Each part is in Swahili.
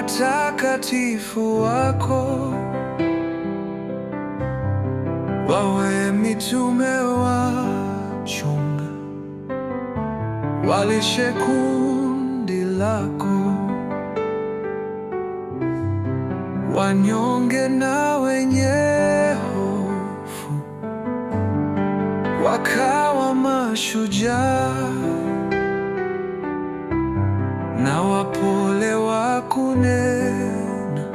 watakatifu wako wawe mitume wa chunga, walishe kundi lako, wanyonge na wenye hofu wakawa mashujaa. upole wa kunena,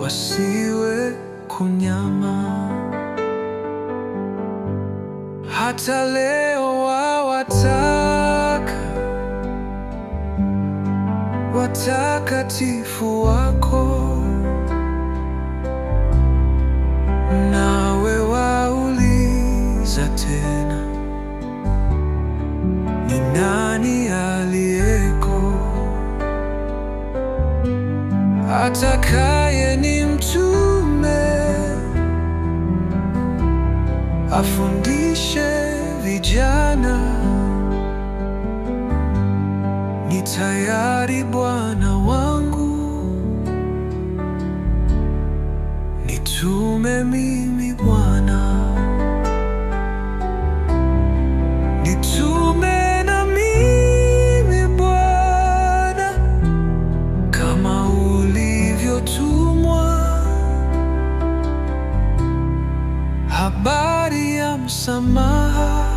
wasiwe kunyama. Hata leo wawataka watakatifu wako atakaye ni mtume afundishe vijana. Ni tayari Bwana wangu, nitume mimi Bwana. I'm ya msamaha